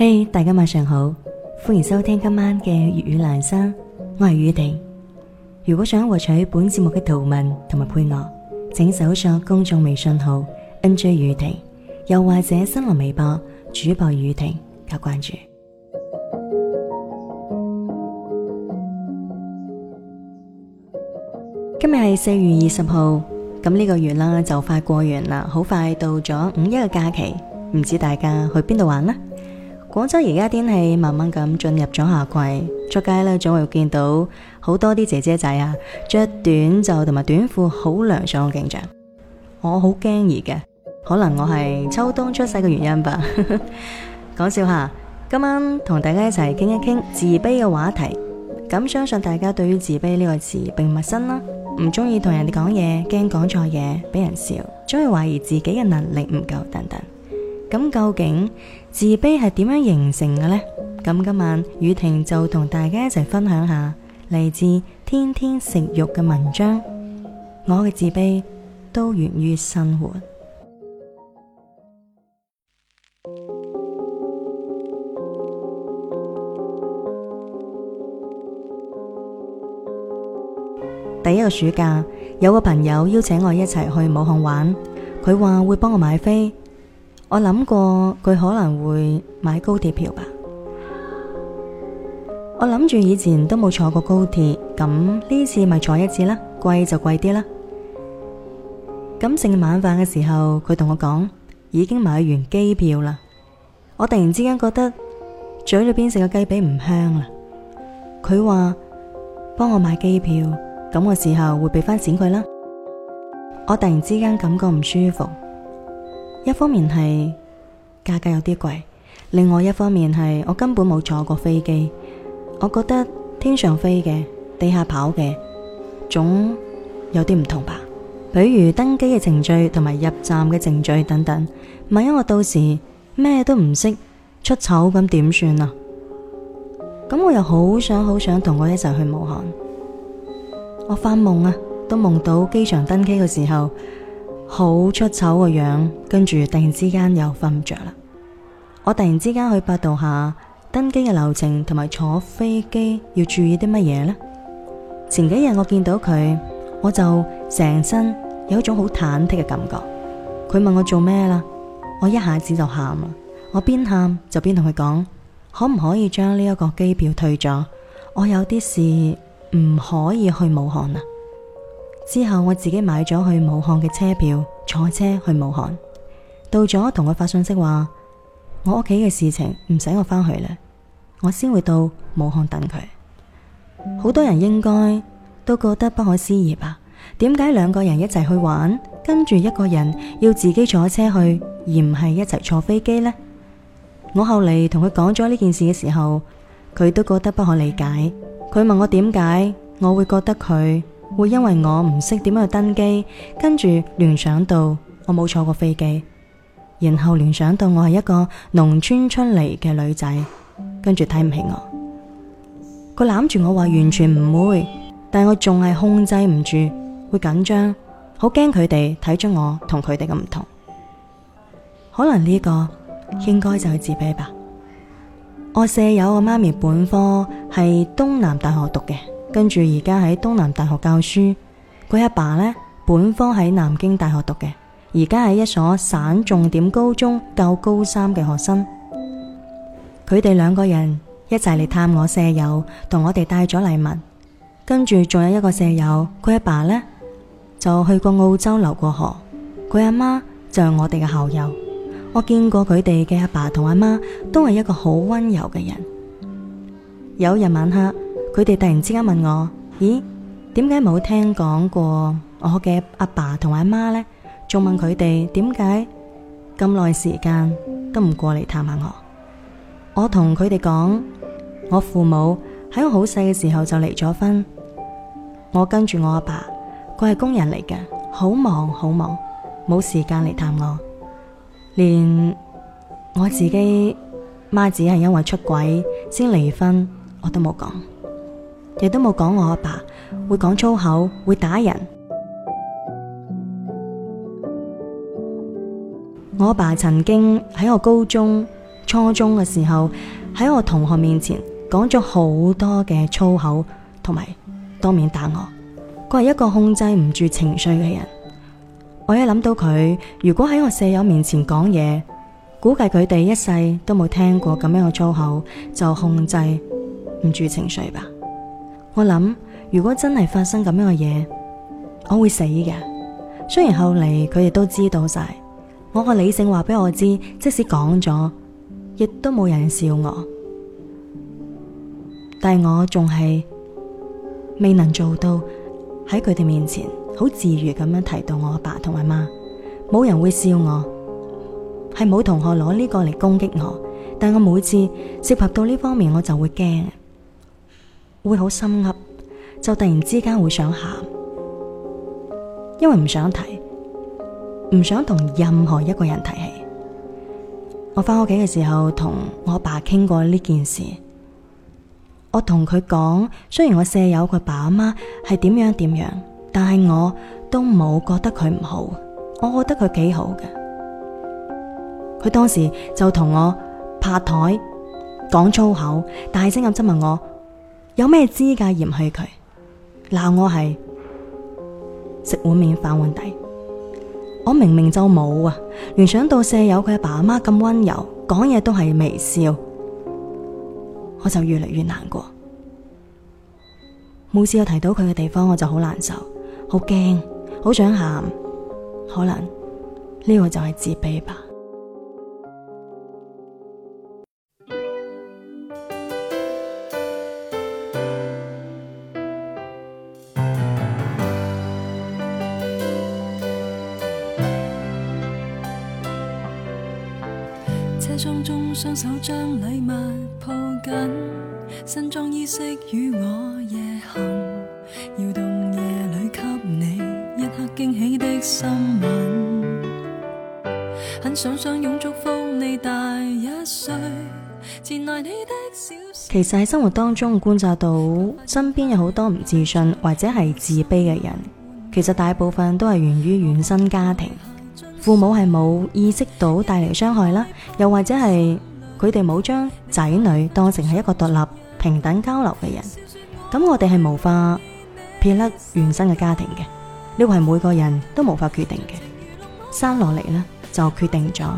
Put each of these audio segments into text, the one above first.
嘿，hey, 大家晚上好，歡迎收聽今晚嘅粵語蘭生，我係宇婷。如果想獲取本節目嘅圖文同埋配樂，請搜索公眾微信號 NJ 宇婷，又或者新浪微博主播宇婷加關注。今日係四月二十號，咁呢個月啦就快過完啦，好快到咗五一嘅假期，唔知大家去邊度玩呢？廣州而家天氣慢慢咁進入咗夏季，出街呢，總會見到好多啲姐姐仔啊，着短袖同埋短褲好涼爽嘅景象。我好驚熱嘅，可能我係秋冬出世嘅原因吧。講笑下，今晚同大家一齊傾一傾自卑嘅話題。咁相信大家對於自卑呢個詞並唔陌生啦，唔中意同人哋講嘢，驚講錯嘢俾人笑，總係懷疑自己嘅能力唔夠等等。咁究竟自卑係點樣形成嘅呢？咁今晚宇婷就同大家一齊分享下嚟自《天天食肉》嘅文章。我嘅自卑都源於生活。 第一個暑假，有個朋友邀請我一齊去武漢玩，佢話會幫我買飛。我諗過佢可能會買高鐵票吧，我諗住以前都冇坐過高鐵，咁呢次咪坐一次啦，貴就貴啲啦。咁食晚飯嘅時候，佢同我講已經買完機票啦。我突然之間覺得嘴裏邊食嘅雞髀唔香啦。佢話幫我買機票，咁我事後會俾翻錢佢啦。我突然之間感覺唔舒服。一方面係價格有啲貴，另外一方面係我根本冇坐過飛機，我覺得天上飛嘅、地下跑嘅總有啲唔同吧。比如登機嘅程序同埋入站嘅程序等等，萬一我到時咩都唔識，出醜咁點算啊？咁我又好想好想同我一齊去武漢，我發夢啊，都夢到機場登機嘅時候。好出醜個樣，跟住突然之間又瞓唔着啦。我突然之間去百度下登機嘅流程同埋坐飛機要注意啲乜嘢呢？前幾日我見到佢，我就成身有一種好忐忑嘅感覺。佢問我做咩啦？我一下子就喊啦。我邊喊就邊同佢講，可唔可以將呢一個機票退咗？我有啲事唔可以去武漢啊！之後我自己買咗去武漢嘅車票，坐車去武漢。到咗同佢發信息話，我屋企嘅事情唔使我翻去啦，我先會到武漢等佢。好多人應該都覺得不可思議吧？點解兩個人一齊去玩，跟住一個人要自己坐車去，而唔係一齊坐飛機呢？我後嚟同佢講咗呢件事嘅時候，佢都覺得不可理解。佢問我點解我會覺得佢會因為我唔識點樣去登機，跟住聯想到我冇坐過飛機，然後聯想到我係一個農村出嚟嘅女仔，跟住睇唔起我。佢攬住我話完全唔會，但我仲係控制唔住，會緊張，好驚佢哋睇咗我同佢哋嘅唔同。可能呢個應該就係自卑吧。我舍友嘅媽咪本科係東南大學讀嘅。跟住而家喺東南大學教書，佢阿爸，爸呢本科喺南京大學讀嘅，而家喺一所省重點高中教高三嘅學生。佢哋兩個人一齊嚟探我舍友，同我哋帶咗禮物。跟住仲有一個舍友，佢阿爸，爸呢就去過澳洲留過學，佢阿媽就係我哋嘅校友。我見過佢哋嘅阿爸同阿媽，媽，都係一個好溫柔嘅人。有日晚黑。佢哋突然之間問我，咦，點解冇聽講過我嘅阿爸同阿媽呢？仲問佢哋點解咁耐時間都唔過嚟探下我？我同佢哋講，我父母喺我好細嘅時候就離咗婚，我跟住我阿爸，佢係工人嚟嘅，好忙好忙，冇時間嚟探我。連我自己媽子係因為出軌先離婚，我都冇講。亦都冇講我阿爸會講粗口，會打人。我阿爸曾經喺我高中、初中嘅時候喺我同學面前講咗好多嘅粗口，同埋當面打我。佢係一個控制唔住情緒嘅人。我一諗到佢如果喺我舍友面前講嘢，估計佢哋一世都冇聽過咁樣嘅粗口，就控制唔住情緒吧。我諗，如果真係發生咁樣嘅嘢，我會死嘅。雖然後嚟佢哋都知道晒，我個理性話俾我知，即使講咗，亦都冇人笑我。但係我仲係未能做到喺佢哋面前好自如咁樣提到我阿爸同阿媽，冇人會笑我，係冇同學攞呢個嚟攻擊我。但我每次涉及到呢方面，我就會驚。會好深刻，就突然之間會想喊，因為唔想提，唔想同任何一個人提起。我翻屋企嘅時候，同我爸傾過呢件事。我同佢講，雖然我舍友佢爸阿媽係點樣點樣，但係我都冇覺得佢唔好，我覺得佢幾好嘅。佢當時就同我拍台，講粗口，大聲咁質問我。有咩資格嫌棄佢？鬧我係食碗麵反碗底，我明明就冇啊！聯想到舍友佢阿爸阿媽咁温柔，講嘢都係微笑，我就越嚟越難過。每次我提到佢嘅地方，我就好難受，好驚，好想喊。可能呢個就係自卑吧。雙手將禮物抱緊，新裝衣飾與我夜行，搖動夜裏給你一刻驚喜的心吻很想想，祝福你大一歲，前來你的小，其實喺生活當中觀察到，身邊有好多唔自信或者係自卑嘅人，其實大部分都係源於原生家庭，父母係冇意識到帶嚟傷害啦，又或者係。佢哋冇將仔女當成係一個獨立平等交流嘅人，咁我哋係無法撇甩原生嘅家庭嘅，呢個係每個人都無法決定嘅。生落嚟呢，就決定咗，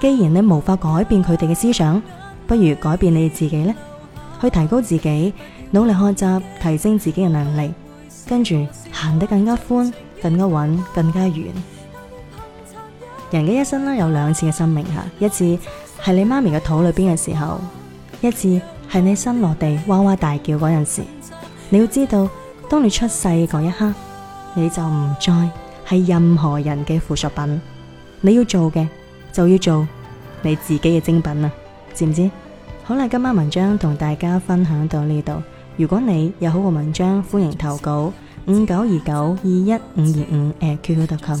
既然你無法改變佢哋嘅思想，不如改變你自己呢，去提高自己，努力學習，提升自己嘅能力，跟住行得更加寬，更加穩，更加遠。人嘅一生呢，有兩次嘅生命吓，一次。喺你媽咪嘅肚裏邊嘅時候，一次係你身落地哇哇大叫嗰陣時，你要知道，當你出世嗰一刻，你就唔再係任何人嘅附屬品。你要做嘅就要做你自己嘅精品啊，知唔知？好啦，今晚文章同大家分享到呢度。如果你有好嘅文章，歡迎投稿五九二九二一五二五 a q q c o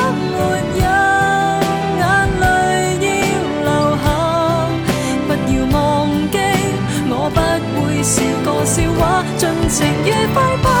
笑個笑話，盡情愉快吧。